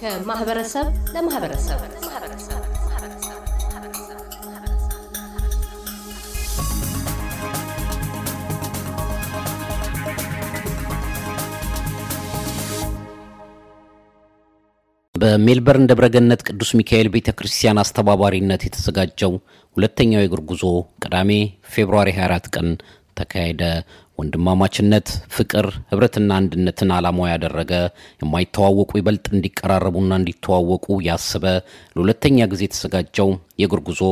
ከማህበረሰብ ለማህበረሰብ በሜልበርን ደብረገነት ቅዱስ ሚካኤል ቤተ ክርስቲያን አስተባባሪነት የተዘጋጀው ሁለተኛው የእግር ጉዞ ቅዳሜ ፌብርዋሪ 24 ቀን ተካሄደ። ወንድማማችነት፣ ፍቅር፣ ህብረትና አንድነትን ዓላማው ያደረገ የማይተዋወቁ ይበልጥ እንዲቀራረቡና እንዲተዋወቁ ያስበ ለሁለተኛ ጊዜ የተዘጋጀው የእግር ጉዞ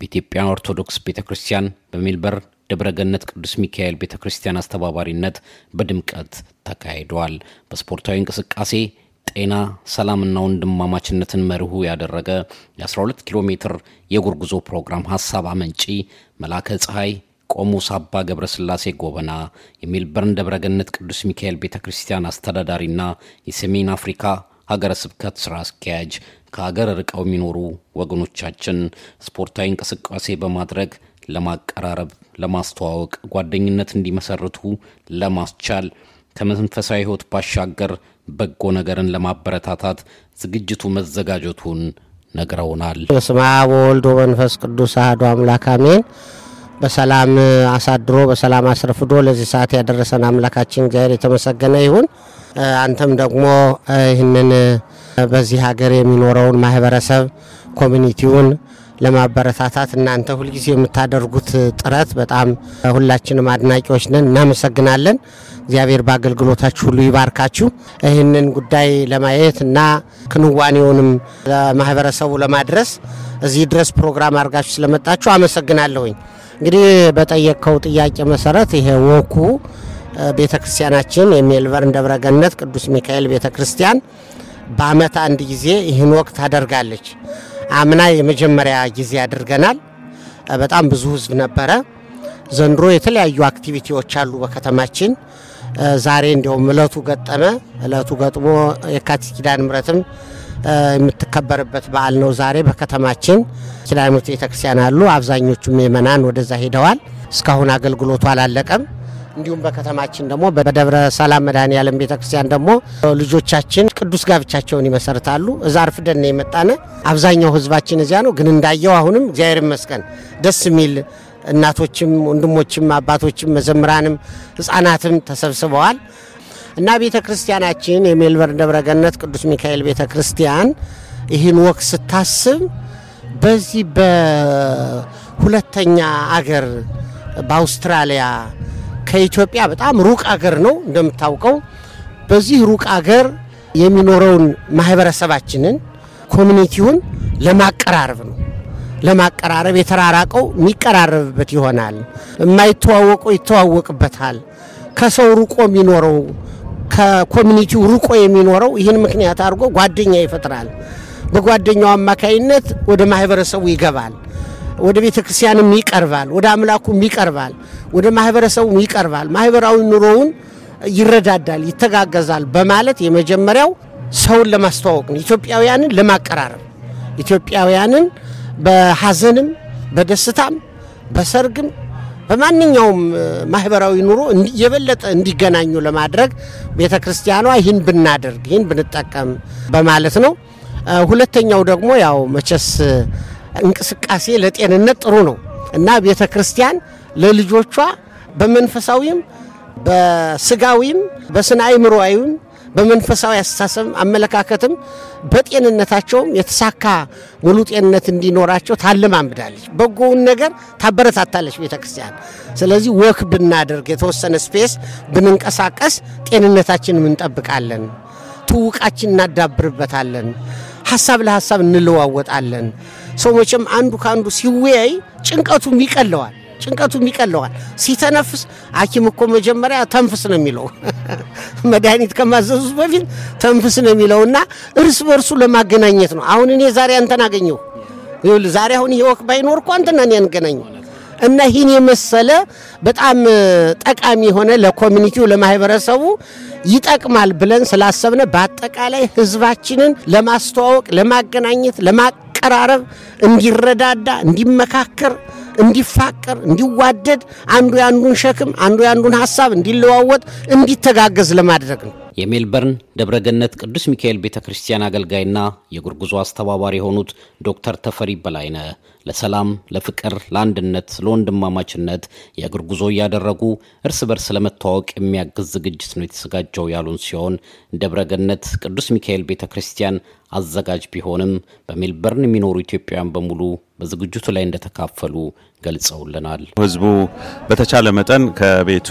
በኢትዮጵያ ኦርቶዶክስ ቤተ ክርስቲያን በሜልበርን ደብረገነት ቅዱስ ሚካኤል ቤተ ክርስቲያን አስተባባሪነት በድምቀት ተካሂደዋል። በስፖርታዊ እንቅስቃሴ ጤና፣ ሰላምና ወንድማማችነትን መርሁ ያደረገ የ12 ኪሎ ሜትር የእግር ጉዞ ፕሮግራም ሀሳብ አመንጪ መላከ ፀሐይ ቆሞስ አባ ገብረስላሴ ጎበና የሜልበርን ደብረገነት ቅዱስ ሚካኤል ቤተ ክርስቲያን አስተዳዳሪና የሰሜን አፍሪካ ሀገረ ስብከት ስራ አስኪያጅ ከሀገር ርቀው የሚኖሩ ወገኖቻችን ስፖርታዊ እንቅስቃሴ በማድረግ ለማቀራረብ፣ ለማስተዋወቅ፣ ጓደኝነት እንዲመሰርቱ ለማስቻል ከመንፈሳዊ ህይወት ባሻገር በጎ ነገርን ለማበረታታት ዝግጅቱ መዘጋጀቱን ነግረውናል። በስመ አብ ወወልድ ወመንፈስ ቅዱስ አሐዱ አምላክ አሜን። በሰላም አሳድሮ በሰላም አስረፍዶ ለዚህ ሰዓት ያደረሰን አምላካችን እግዚአብሔር የተመሰገነ ይሁን። አንተም ደግሞ ይህንን በዚህ ሀገር የሚኖረውን ማህበረሰብ ኮሚኒቲውን ለማበረታታት እናንተ ሁልጊዜ የምታደርጉት ጥረት በጣም ሁላችንም አድናቂዎች ነን፣ እናመሰግናለን። እግዚአብሔር በአገልግሎታችሁ ሁሉ ይባርካችሁ። ይህንን ጉዳይ ለማየት እና ክንዋኔውንም ለማህበረሰቡ ለማድረስ እዚህ ድረስ ፕሮግራም አድርጋችሁ ስለመጣችሁ አመሰግናለሁኝ። እንግዲህ በጠየቅከው ጥያቄ መሰረት ይሄ ወኩ ቤተ ክርስቲያናችን የሜልበርን ደብረገነት ቅዱስ ሚካኤል ቤተ ክርስቲያን በአመት አንድ ጊዜ ይህን ወቅት ታደርጋለች። አምና የመጀመሪያ ጊዜ አድርገናል። በጣም ብዙ ህዝብ ነበረ። ዘንድሮ የተለያዩ አክቲቪቲዎች አሉ በከተማችን። ዛሬ እንዲሁም እለቱ ገጠመ። እለቱ ገጥሞ የካቲት ኪዳነ ምሕረትም የምትከበርበት በዓል ነው። ዛሬ በከተማችን ኪዳነ ምሕረት ቤተክርስቲያን አሉ። አብዛኞቹ ምእመናን ወደዛ ሄደዋል። እስካሁን አገልግሎቱ አላለቀም። እንዲሁም በከተማችን ደግሞ በደብረ ሰላም መድኃኔ ዓለም ቤተክርስቲያን ደግሞ ልጆቻችን ቅዱስ ጋብቻቸውን ይመሰርታሉ። እዛ አርፍደን የመጣነ አብዛኛው ህዝባችን እዚያ ነው። ግን እንዳየው አሁንም እግዚአብሔር ይመስገን ደስ የሚል እናቶችም፣ ወንድሞችም፣ አባቶችም፣ መዘምራንም ህጻናትም ተሰብስበዋል እና ቤተ ክርስቲያናችን የሜልበርን ደብረገነት ቅዱስ ሚካኤል ቤተ ክርስቲያን ይህን ወቅት ስታስብ በዚህ በሁለተኛ አገር በአውስትራሊያ ከኢትዮጵያ በጣም ሩቅ አገር ነው እንደምታውቀው። በዚህ ሩቅ አገር የሚኖረውን ማህበረሰባችንን ኮሚኒቲውን ለማቀራረብ ነው። ለማቀራረብ የተራራቀው የሚቀራረብበት ይሆናል። የማይተዋወቀው ይተዋወቅበታል። ከሰው ርቆ የሚኖረው ከኮሚኒቲው ርቆ የሚኖረው ይህን ምክንያት አድርጎ ጓደኛ ይፈጥራል። በጓደኛው አማካይነት ወደ ማህበረሰቡ ይገባል። ወደ ቤተ ክርስቲያንም ይቀርባል፣ ወደ አምላኩም ይቀርባል፣ ወደ ማህበረሰቡም ይቀርባል። ማህበራዊ ኑሮውን ይረዳዳል፣ ይተጋገዛል በማለት የመጀመሪያው ሰውን ለማስተዋወቅ ነው። ኢትዮጵያውያንን ለማቀራረብ ኢትዮጵያውያንን በሐዘንም በደስታም በሰርግም በማንኛውም ማህበራዊ ኑሮ የበለጠ እንዲገናኙ ለማድረግ ቤተ ክርስቲያኗ ይህን ብናደርግ ይህን ብንጠቀም በማለት ነው። ሁለተኛው ደግሞ ያው መቼስ እንቅስቃሴ ለጤንነት ጥሩ ነው እና ቤተ ክርስቲያን ለልጆቿ በመንፈሳዊም በስጋዊም በስነ አይምሮዊም በመንፈሳዊ አስተሳሰብ አመለካከትም በጤንነታቸውም የተሳካ ሙሉ ጤንነት እንዲኖራቸው ታለማምዳለች። በጎውን ነገር ታበረታታለች ቤተ ክርስቲያን። ስለዚህ ወክ ብናደርግ የተወሰነ ስፔስ ብንንቀሳቀስ ጤንነታችንም እንጠብቃለን፣ ትውቃችን እናዳብርበታለን፣ ሀሳብ ለሀሳብ እንለዋወጣለን። ሰዎችም አንዱ ከአንዱ ሲወያይ ጭንቀቱም ይቀለዋል። ጭንቀቱም ይቀለዋል። ሲተነፍስ ሐኪም እኮ መጀመሪያ ተንፍስ ነው የሚለው መድኃኒት ከማዘዙ በፊት ተንፍስ ነው የሚለውና እርስ በእርሱ ለማገናኘት ነው። አሁን እኔ ዛሬ አንተን አገኘሁ፣ ዛሬ አሁን የወቅ ባይኖር እኮ አንተና እኔ አንገናኘው እና ይህን የመሰለ በጣም ጠቃሚ የሆነ ለኮሚኒቲው ለማህበረሰቡ ይጠቅማል ብለን ስላሰብነ በአጠቃላይ ህዝባችንን ለማስተዋወቅ፣ ለማገናኘት፣ ለማ እንዲቀራረብ፣ እንዲረዳዳ፣ እንዲመካከር፣ እንዲፋቀር፣ እንዲዋደድ አንዱ የአንዱን ሸክም አንዱ የአንዱን ሀሳብ እንዲለዋወጥ፣ እንዲተጋገዝ ለማድረግ ነው። የሜልበርን ደብረገነት ቅዱስ ሚካኤል ቤተ ክርስቲያን አገልጋይና የጉርጉዞ አስተባባሪ የሆኑት ዶክተር ተፈሪ በላይነ ለሰላም፣ ለፍቅር፣ ለአንድነት፣ ለወንድማማችነት የእግር ጉዞ እያደረጉ እርስ በርስ ለመተዋወቅ የሚያግዝ ዝግጅት ነው የተዘጋጀው ያሉን ሲሆን ደብረገነት ቅዱስ ሚካኤል ቤተ ክርስቲያን አዘጋጅ ቢሆንም በሜልበርን የሚኖሩ ኢትዮጵያውያን በሙሉ በዝግጅቱ ላይ እንደተካፈሉ ገልጸውልናል። ህዝቡ በተቻለ መጠን ከቤቱ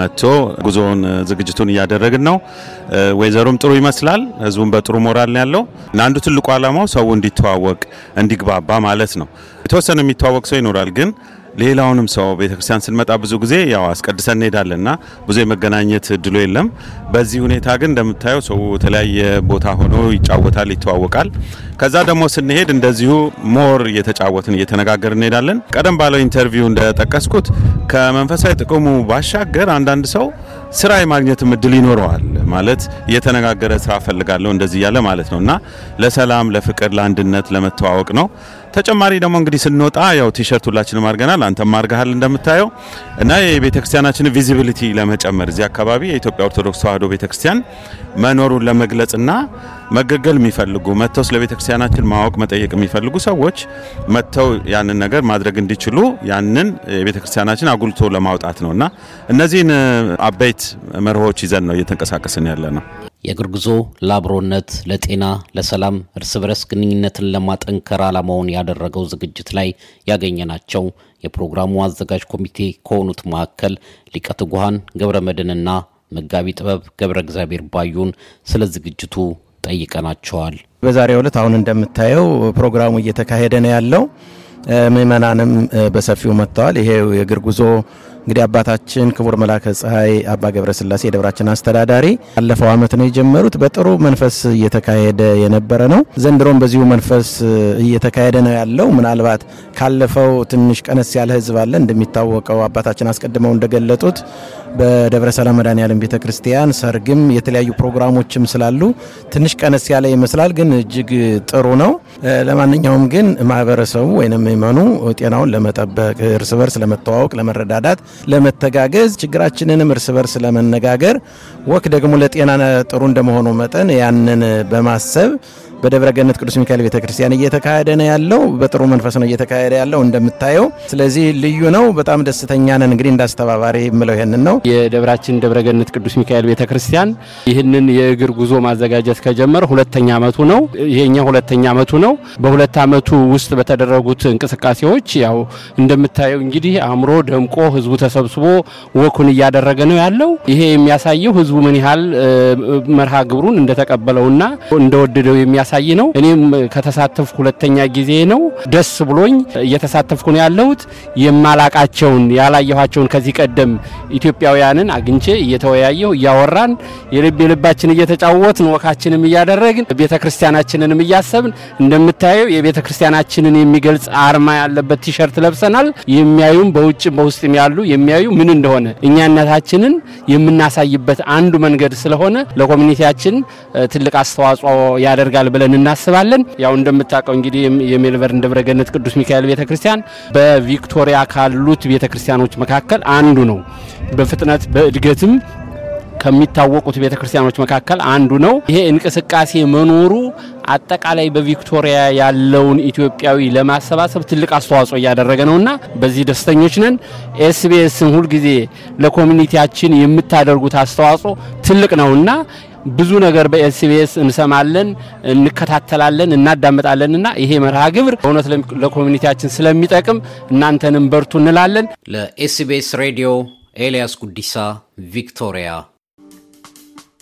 መጥቶ ጉዞውን ዝግጅቱን እያደረግን ነው። ወይዘሮም ጥሩ ይመስላል። ህዝቡም በጥሩ ሞራል ያለው እና አንዱ ትልቁ ዓላማው ሰው እንዲተዋወቅ እንዲግባባ ማለት ነው። የተወሰነ የሚተዋወቅ ሰው ይኖራል ግን ሌላውንም ሰው ቤተክርስቲያን ስንመጣ ብዙ ጊዜ ያው አስቀድሰን እንሄዳለን ብዙ የመገናኘት እድሉ የለም። በዚህ ሁኔታ ግን እንደምታየው ሰው የተለያየ ቦታ ሆኖ ይጫወታል፣ ይተዋወቃል። ከዛ ደግሞ ስንሄድ እንደዚሁ ሞር እየተጫወትን እየተነጋገር እንሄዳለን። ቀደም ባለው ኢንተርቪው እንደጠቀስኩት ከመንፈሳዊ ጥቅሙ ባሻገር አንዳንድ ሰው ስራ የማግኘትም እድል ይኖረዋል። ማለት እየተነጋገረ ስራ ፈልጋለሁ እንደዚህ እያለ ማለት ነው እና ለሰላም፣ ለፍቅር፣ ለአንድነት፣ ለመተዋወቅ ነው። ተጨማሪ ደግሞ እንግዲህ ስንወጣ ያው ቲሸርት ሁላችንም አድርገናል፣ አንተም አድርገሃል እንደምታየው እና የቤተክርስቲያናችን ቪዚቢሊቲ ለመጨመር እዚህ አካባቢ የኢትዮጵያ ኦርቶዶክስ ተዋሕዶ ቤተክርስቲያን መኖሩን ለመግለጽና መገገል የሚፈልጉ መጥተው ስለ ቤተክርስቲያናችን ማወቅ መጠየቅ የሚፈልጉ ሰዎች መጥተው ያንን ነገር ማድረግ እንዲችሉ ያንን የቤተክርስቲያናችን አጉልቶ ለማውጣት ነው እና እነዚህን አበይት መርሆች ይዘን ነው እየተንቀሳቀስን ያለ ነው። የእግር ጉዞ ለአብሮነት፣ ለጤና፣ ለሰላም፣ እርስ በርስ ግንኙነትን ለማጠንከር ዓላማውን ያደረገው ዝግጅት ላይ ያገኘናቸው የፕሮግራሙ አዘጋጅ ኮሚቴ ከሆኑት መካከል ሊቀ ትጉሃን ገብረ መድህንና መጋቢ ጥበብ ገብረ እግዚአብሔር ባዩን ስለ ዝግጅቱ ጠይቀናቸዋል። በዛሬው ዕለት አሁን እንደምታየው ፕሮግራሙ እየተካሄደ ነው ያለው። ምእመናንም በሰፊው መጥተዋል። ይሄ የእግር ጉዞ እንግዲህ አባታችን ክቡር መላከ ፀሐይ አባ ገብረስላሴ የደብራችን አስተዳዳሪ ባለፈው ዓመት ነው የጀመሩት። በጥሩ መንፈስ እየተካሄደ የነበረ ነው። ዘንድሮም በዚሁ መንፈስ እየተካሄደ ነው ያለው። ምናልባት ካለፈው ትንሽ ቀነስ ያለ ህዝብ አለ። እንደሚታወቀው አባታችን አስቀድመው እንደገለጡት በደብረ ሰላም መድኃኔ ዓለም ቤተ ክርስቲያን ሰርግም የተለያዩ ፕሮግራሞችም ስላሉ ትንሽ ቀነስ ያለ ይመስላል፣ ግን እጅግ ጥሩ ነው። ለማንኛውም ግን ማህበረሰቡ ወይም ምእመኑ ጤናውን ለመጠበቅ እርስ በርስ ለመተዋወቅ፣ ለመረዳዳት፣ ለመተጋገዝ ችግራችንንም እርስ በርስ ለመነጋገር ወክ ደግሞ ለጤና ጥሩ እንደመሆኑ መጠን ያንን በማሰብ በደብረ ገነት ቅዱስ ሚካኤል ቤተክርስቲያን እየተካሄደ ነው ያለው። በጥሩ መንፈስ ነው እየተካሄደ ያለው እንደምታየው። ስለዚህ ልዩ ነው። በጣም ደስተኛ ነን። እንግዲህ እንዳስተባባሪ የምለው ይህንን ነው። የደብራችን ደብረ ገነት ቅዱስ ሚካኤል ቤተክርስቲያን ይህንን የእግር ጉዞ ማዘጋጀት ከጀመረ ሁለተኛ አመቱ ነው። ይሄኛ ሁለተኛ ዓመቱ ነው። በሁለት ዓመቱ ውስጥ በተደረጉት እንቅስቃሴዎች ያው እንደምታየው እንግዲህ አእምሮ ደምቆ ህዝቡ ተሰብስቦ ወኩን እያደረገ ነው ያለው። ይሄ የሚያሳየው ህዝቡ ምን ያህል መርሃ ግብሩን እንደተቀበለውና እንደወደደው የሚያሳ የሚያሳይ ነው። እኔም ከተሳተፍኩ ሁለተኛ ጊዜ ነው። ደስ ብሎኝ እየተሳተፍኩ ነው ያለሁት። የማላቃቸውን ያላየኋቸውን ከዚህ ቀደም ኢትዮጵያውያንን አግኝቼ እየተወያየሁ እያወራን የልብ የልባችን እየተጫወትን ወካችንም እያደረግን ቤተ ክርስቲያናችንንም እያሰብን እንደምታየው የቤተ ክርስቲያናችንን የሚገልጽ አርማ ያለበት ቲሸርት ለብሰናል። የሚያዩም በውጭም በውስጥም ያሉ የሚያዩ ምን እንደሆነ እኛነታችንን የምናሳይበት አንዱ መንገድ ስለሆነ ለኮሚኒቲያችን ትልቅ አስተዋጽኦ ያደርጋል ብለን እናስባለን። ያው እንደምታውቀው እንግዲህ የሜልበርን ደብረገነት ቅዱስ ሚካኤል ቤተ ክርስቲያን በቪክቶሪያ ካሉት ቤተ ክርስቲያኖች መካከል አንዱ ነው። በፍጥነት በእድገትም ከሚታወቁት ቤተ ክርስቲያኖች መካከል አንዱ ነው። ይሄ እንቅስቃሴ መኖሩ አጠቃላይ በቪክቶሪያ ያለውን ኢትዮጵያዊ ለማሰባሰብ ትልቅ አስተዋጽኦ እያደረገ ነው እና በዚህ ደስተኞች ነን። ኤስቢኤስን ሁልጊዜ ለኮሚኒቲያችን የምታደርጉት አስተዋጽኦ ትልቅ ነው እና ብዙ ነገር በኤስቢኤስ እንሰማለን፣ እንከታተላለን፣ እና ይሄ መርሃ ግብር እውነት ለኮሚኒቲያችን ስለሚጠቅም እናንተንም በርቱ እንላለን። ለኤስቢኤስ ሬዲዮ ኤልያስ ጉዲሳ ቪክቶሪያ